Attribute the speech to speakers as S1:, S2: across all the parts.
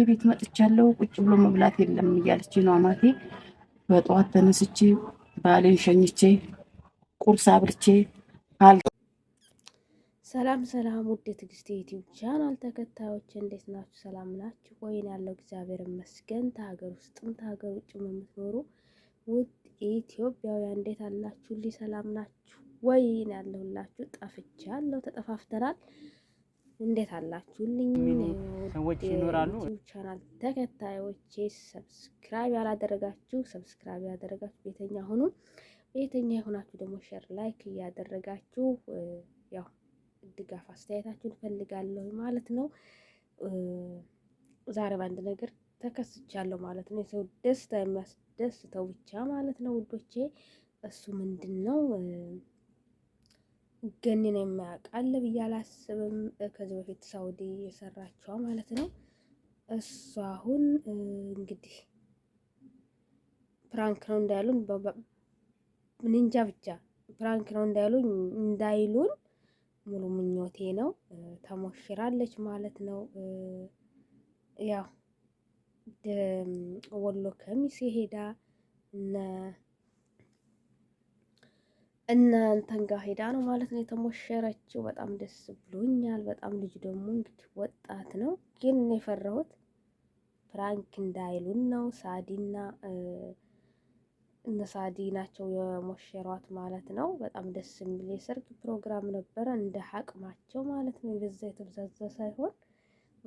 S1: የቤት መጥቻለሁ ቁጭ ብሎ መብላት የለም እያለች ነው አማቴ። በጠዋት ተነስቼ ባሌን ሸኝቼ ቁርስ አብልቼ አል
S2: ሰላም ሰላም፣ ውድ ትግስት ዩቲዩብ ቻናል ተከታዮች እንዴት ናችሁ? ሰላም ናችሁ? ወይን ያለው እግዚአብሔር ይመስገን። ተሀገር ውስጥም ተሀገር ውጭ የምትኖሩ ውድ ኢትዮጵያውያን እንዴት አላችሁ? ልይ ሰላም ናችሁ? ወይን ያለሁላችሁ ጠፍቻለሁ፣ ተጠፋፍተናል። እንዴት አላችሁልኝ?
S1: ሰዎች ይኖራሉ።
S2: ቻናል ተከታዮቼ ሰብስክራይብ ያላደረጋችሁ ሰብስክራይብ ያደረጋችሁ ቤተኛ ሆኑ። ቤተኛ የሆናችሁ ደግሞ ሸር ላይክ እያደረጋችሁ ያው ድጋፍ አስተያየታችሁን እፈልጋለሁ ማለት ነው። ዛሬ በአንድ ነገር ተከስቻለሁ ማለት ነው። የሰው ደስታ የሚያስደስተው ብቻ ማለት ነው ውዶቼ። እሱ ምንድን ነው? ገንን የማያውቅ አለ ብዬ አላስብም። ከዚህ በፊት ሳውዲ የሰራችዋ ማለት ነው። እሱ አሁን እንግዲህ ፕራንክ ነው እንዳያሉን ምንንጃ ብቻ ፕራንክ ነው እንዳያሉኝ እንዳይሉን ሙሉ ምኞቴ ነው። ተሞሽራለች ማለት ነው። ያው ወሎ ከሚስ ሄዳ እናንተን ጋር ሄዳ ነው ማለት ነው የተሞሸረችው። በጣም ደስ ብሎኛል። በጣም ልጅ ደግሞ እንግዲህ ወጣት ነው፣ ግን የፈራሁት ፍራንክ እንዳይሉን ነው። ሳዲና እነ ሳዲ ናቸው የሞሸሯት ማለት ነው። በጣም ደስ የሚል የሰርግ ፕሮግራም ነበረ፣ እንደ ሀቅማቸው ማለት ነው። እንደዛ የተብዛዛ ሳይሆን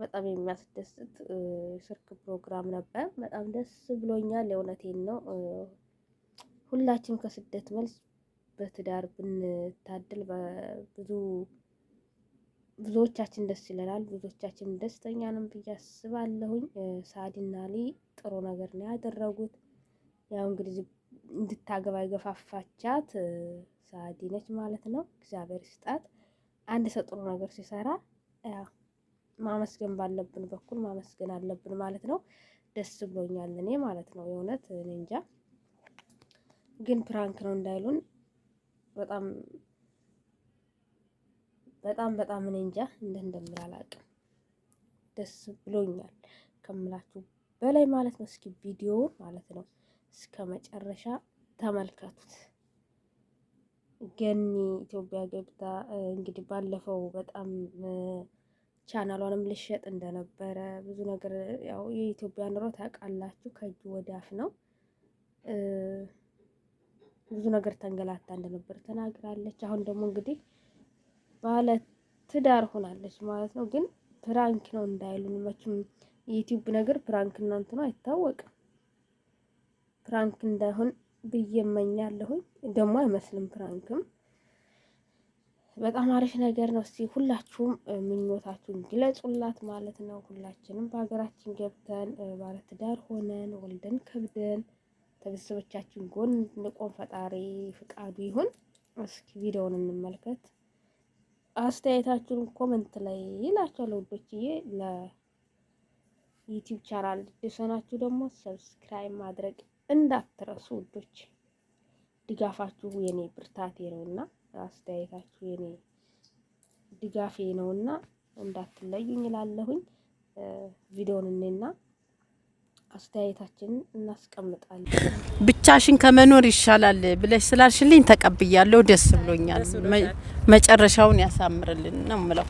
S2: በጣም የሚያስደስት የሰርግ ፕሮግራም ነበር። በጣም ደስ ብሎኛል። የእውነቴን ነው። ሁላችን ከስደት መልስ በትዳር ብንታደል ብዙ ብዙዎቻችን ደስ ይለናል። ብዙዎቻችን ደስተኛ ነን ብዬ አስባለሁኝ። ሳዲና ሊ ጥሩ ነገር ነው ያደረጉት። ያው እንግዲህ እንድታገባ የገፋፋቻት ሳዲ ነች ማለት ነው። እግዚአብሔር ይስጣት። አንድ ሰው ጥሩ ነገር ሲሰራ ማመስገን ባለብን በኩል ማመስገን አለብን ማለት ነው። ደስ ብሎኛል እኔ ማለት ነው። የእውነት እኔ እንጃ ግን ፕራንክ ነው እንዳይሉን በጣም በጣም በጣም እኔ እንጃ እንደ እንደምል አላውቅም። ደስ ብሎኛል ከምላችሁ በላይ ማለት ነው። እስኪ ቪዲዮ ማለት ነው እስከ መጨረሻ ተመልከቱት። ገኒ ኢትዮጵያ ገብታ እንግዲህ ባለፈው በጣም ቻናሏንም ልሸጥ እንደነበረ ብዙ ነገር ያው የኢትዮጵያ ኑሮ ታውቃላችሁ፣ ከእጅ ወደ ነው። ብዙ ነገር ተንገላታ እንደነበር ተናግራለች። አሁን ደግሞ እንግዲህ ባለ ትዳር ሆናለች ማለት ነው። ግን ፕራንክ ነው እንዳይሉን መቼም የዩቲዩብ ነገር ፕራንክ እናንተ ነው አይታወቅም። ፕራንክ እንዳይሆን ብዬ እመኛለሁኝ። ደግሞ አይመስልም ፕራንክም በጣም አሪፍ ነገር ነው። እስቲ ሁላችሁም ምኞታችሁን ግለጹላት ማለት ነው። ሁላችንም በሀገራችን ገብተን ባለትዳር ሆነን ወልደን ከብደን ከቤተሰቦቻችን ጎን እንቆም። ፈጣሪ ፍቃዱ ይሁን። እስኪ ቪዲዮውን እንመልከት። አስተያየታችሁን ኮመንት ላይ ይላችኋል። ውዶችዬ ለዩቲዩብ ቻናል አዲስ ደግሞ ሰብስክራይብ ማድረግ እንዳትረሱ ውዶች። ድጋፋችሁ የኔ ብርታቴ ነውና አስተያየታችሁ የኔ ድጋፌ ነውና እንዳትለዩኝ እላለሁኝ። ቪዲዮውን እኔና አስተያየታችንን እናስቀምጣለን።
S3: ብቻሽን ከመኖር ይሻላል ብለሽ ስላልሽልኝ ተቀብያለሁ። ደስ ብሎኛል። መጨረሻውን ያሳምርልን ነው ምለው።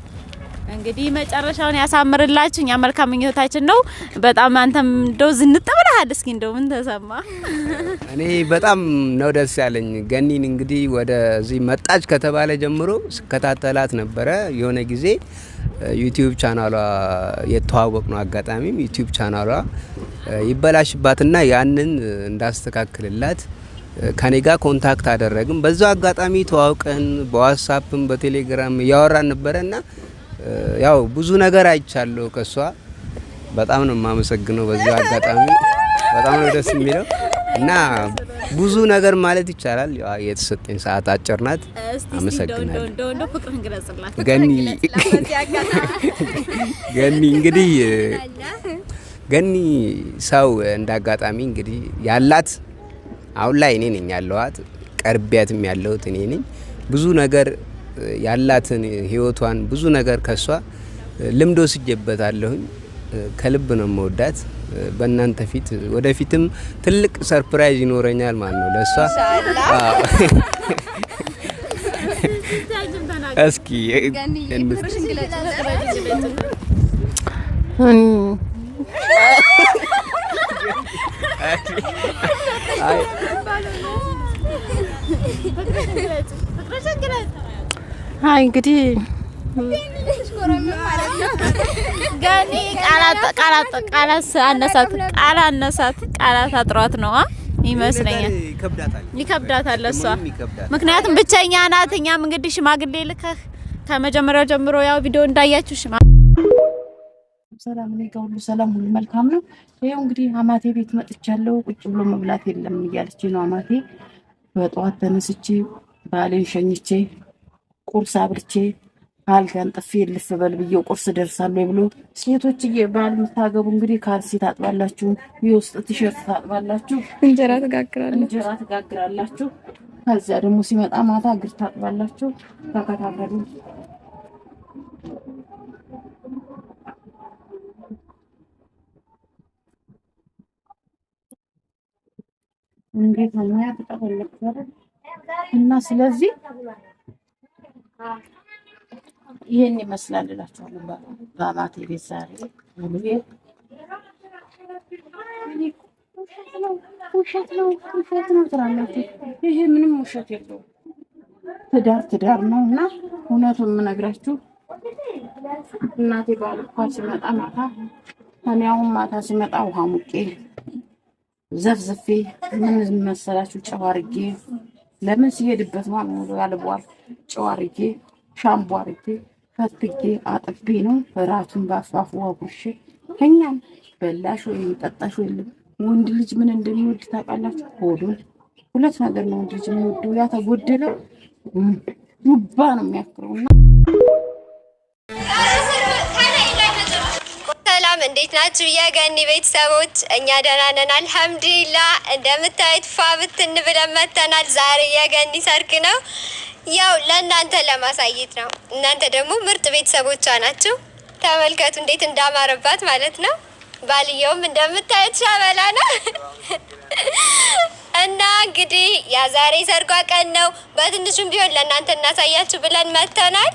S3: እንግዲህ መጨረሻውን ያሳምርላችሁ። እኛ መልካም ምኞታችን ነው። በጣም አንተም እንደው ዝንጥ ብለሃል። እስኪ እንደው ምን ተሰማ?
S4: እኔ በጣም ነው ደስ ያለኝ። ገኒን እንግዲህ ወደዚህ መጣች ከተባለ ጀምሮ ስከታተላት ነበረ። የሆነ ጊዜ ዩቲዩብ ቻናሏ የተዋወቅ ነው አጋጣሚም ዩቲዩብ ቻናሏ ይበላሽባትና ያንን እንዳስተካክልላት ከኔ ጋር ኮንታክት አደረግም። በዛው አጋጣሚ ተዋውቀን በዋትሳፕም በቴሌግራም እያወራን ነበረና ያው ብዙ ነገር አይቻለሁ ከሷ። በጣም ነው የማመሰግነው። በዛው አጋጣሚ በጣም ነው ደስ የሚለው እና ብዙ ነገር ማለት ይቻላል። የተሰጠኝ ሰዓት አጭር ናት።
S3: አመሰግናለሁ።
S4: ገኒ። እንግዲህ ገኒ ሰው እንዳጋጣሚ እንግዲህ ያላት አሁን ላይ እኔ ነኝ ያለዋት፣ ቀርቢያትም ያለሁት እኔ ነኝ። ብዙ ነገር ያላትን ህይወቷን ብዙ ነገር ከሷ ልምድ ወስጄበታለሁኝ። ከልብ ነው መወዳት። በእናንተ ፊት ወደፊትም ትልቅ ሰርፕራይዝ ይኖረኛል ማለት ነው ለእሷ እስኪ ገኒ
S3: አይ እንግዲህ ገኒ ቃላት አነሳት ቃል አነሳት ቃላት አጥሯት ይመስለኛል። ይከብዳታል እሷ ምክንያቱም ብቸኛ ናት። እኛም እንግዲህ ሽማግሌ ልከህ ከመጀመሪያው ጀምሮ ያው ቪዲዮ እንዳያችሁ ሽማ
S1: ሰላም፣ እኔ ጋር ሁሉ ሰላም፣ ሁሉ መልካም ነው። ይኸው እንግዲህ አማቴ ቤት መጥቻለሁ። ቁጭ ብሎ መብላት የለም እያለች ነው አማቴ። በጠዋት ተነስቼ ባሌን ሸኝቼ ቁርስ አብልቼ አልጋን ጥፌ ልፍ በል ብዬ ቁርስ ደርሳለሁ ብሎ ሴቶች ባል የምታገቡ እንግዲህ ካልሲ ታጥባላችሁ፣ የውስጥ ቲሸርት ታጥባላችሁ፣
S3: እንጀራ ትጋግራላችሁ
S1: እንጀራ ትጋግራላችሁ። ከዚያ ደግሞ ሲመጣ ማታ እግር ታጥባላችሁ። ተከታተሉ። እንዴት ነው ያተጠቀለቀረ እና ስለዚህ ይህን ይመስላል እላችኋለሁ። በአማቴ ቤት ዛሬ ሙሉ ውሸት ነው ውሸት ነው ትላላችሁ። ይሄ ምንም ውሸት የለውም። ትዳር ትዳር ነው እና እውነቱን የምነግራችሁ እናቴ ባልኳ ሲመጣ ማታ እኔ አሁን ማታ ሲመጣ ውሃ ሙቄ ዘፍዘፌ ምን መሰላችሁ ጨው ለምን ሲሄድበት ማለት ነው ያልቧል። ጨው ሻምቦ ፈትጌ አጥቤ ነው እራቱን በአፋፉ አጉርሼ ከኛም በላሽ ወይም ጠጣሽ ወይም ወንድ ልጅ ምን እንደሚወድ ታውቃላችሁ? ሆዱን ሁለት ነገር ነው ወንድ ልጅ የሚወደው፣ ያ ተጎደለ ዱባ ነው የሚያክረውና
S5: ሰላም እንዴት ናችሁ? የገኒ ቤተሰቦች እኛ ደህና ነን አልሐምዱሊላ። እንደምታዩት ፋ ብትን ብለን መተናል። ዛሬ የገኒ ሰርግ ነው፣ ያው ለእናንተ ለማሳየት ነው። እናንተ ደግሞ ምርጥ ቤተሰቦቿ ናችሁ። ተመልከቱ እንዴት እንዳማረባት ማለት ነው። ባልየውም እንደምታዩት ሻበላ ነው። እና እንግዲህ የዛሬ ሰርጓ ቀን ነው። በትንሹም ቢሆን ለእናንተ እናሳያችሁ ብለን መተናል።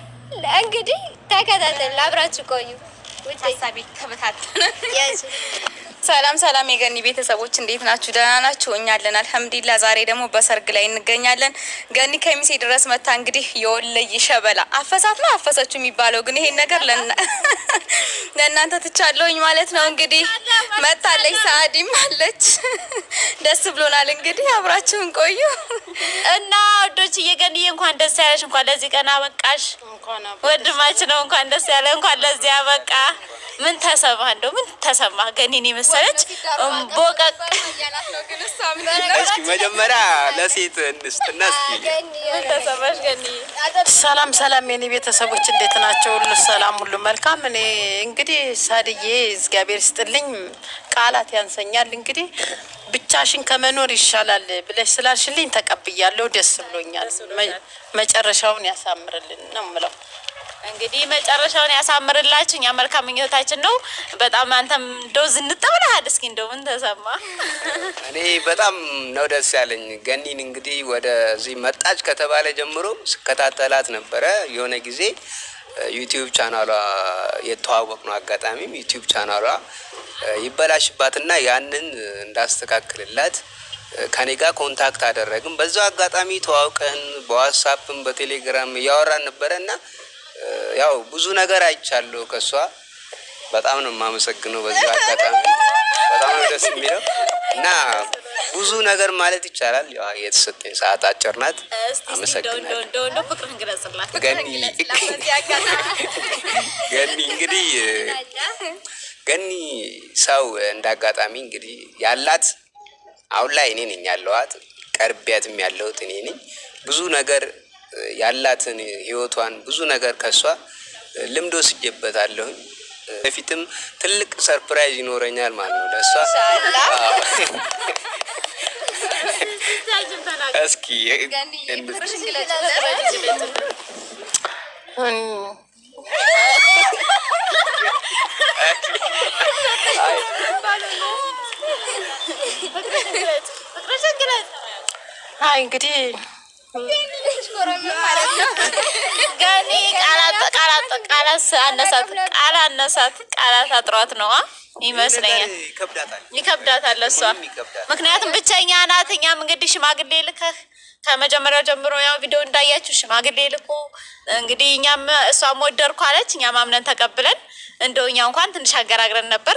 S5: እንግዲህ ተከታተል አብራችሁ ቆዩ። ሀሳቤ ተበታተነ። ሰላም ሰላም የገኒ ቤተሰቦች እንዴት ናችሁ? ደህና ናችሁ? እኛለን አልሐምዱሊላ። ዛሬ ደግሞ በሰርግ ላይ እንገኛለን። ገኒ ከሚሴ ድረስ መታ እንግዲህ የወለይ ሸበላ አፈሳት ነው አፈሰችው የሚባለው ግን ይሄን ነገር ለእናንተ ትቻለሁኝ ማለት ነው። እንግዲህ መታለች፣ ሰአዲም አለች። ደስ ብሎናል። እንግዲህ አብራችሁን ቆዩ እና ወዶች እየገንዬ እንኳን ደስ ያለሽ፣ እንኳን ለዚህ ቀን አበቃሽ። ወንድማችን ነው። እንኳን ደስ ያለ፣ እንኳን ለዚህ አበቃ ምን ተሰማህ? እንደው ምን ተሰማህ? ገኒን የመሰለች ቦቀቅ
S4: መጀመሪያ ለሴት እንስትና
S3: ሰላም ሰላም፣ የኔ ቤተሰቦች እንዴት ናቸው? ሁሉ ሰላም፣ ሁሉ መልካም። እኔ እንግዲህ ሳድዬ እግዚአብሔር ስጥልኝ፣ ቃላት ያንሰኛል። እንግዲህ ብቻሽን ከመኖር ይሻላል ብለሽ ስላልሽልኝ ተቀብያለሁ። ደስ ብሎኛል። መጨረሻውን ያሳምርልን ነው ምለው እንግዲህ መጨረሻውን ያሳምርላችሁ። እኛ መልካም ምኞታችን ነው። በጣም አንተም እንደው ዝንጥ ብለሃል። እስኪ እንደው ምን ተሰማ?
S4: እኔ በጣም ነው ደስ ያለኝ። ገኒን እንግዲህ ወደዚህ መጣች ከተባለ ጀምሮ ስከታተላት ነበረ። የሆነ ጊዜ ዩቲዩብ ቻናሏ የተዋወቅ ነው አጋጣሚም ዩቲዩብ ቻናሏ ይበላሽባትና ያንን እንዳስተካክልላት ከኔ ጋር ኮንታክት አደረግም። በዛው አጋጣሚ ተዋውቀን በዋትሳፕም በቴሌግራም እያወራን ነበረ እና ያው ብዙ ነገር አይቻለሁ ከእሷ በጣም ነው የማመሰግነው። በዚህ አጋጣሚ በጣም ነው ደስ የሚለው እና ብዙ ነገር ማለት ይቻላል። የተሰጠኝ ሰዓት አጭር ናት።
S3: አመሰግናለሁ።
S4: እንግዲህ ገኒ ሰው እንደ አጋጣሚ እንግዲህ ያላት አሁን ላይ እኔ ነኝ ያለዋት፣ ቀርቢያትም ያለሁት እኔ ነኝ ብዙ ነገር ያላትን ህይወቷን ብዙ ነገር ከሷ ልምድ ወስጄበታለሁኝ። በፊትም ትልቅ ሰርፕራይዝ ይኖረኛል ማለት ነው ለእሷ እስኪ
S3: እንግዲህ ገኒ ቃል አነሳት ቃላት አጥሯት ነው ይመስለኛል። ይከብዳታል እሷ ምክንያቱም ብቸኛ ናት። እኛም እንግዲህ ሽማግሌ ልከህ ከመጀመሪያው ጀምሮ ያው ቪዲዮ እንዳያችሁ ሽማግሌ ልኮ እንግዲህ እኛም እሷም ወደድኩ አለች። እኛም አምነን ተቀብለን እንደው እኛ እንኳን ትንሽ አገራግረን ነበር።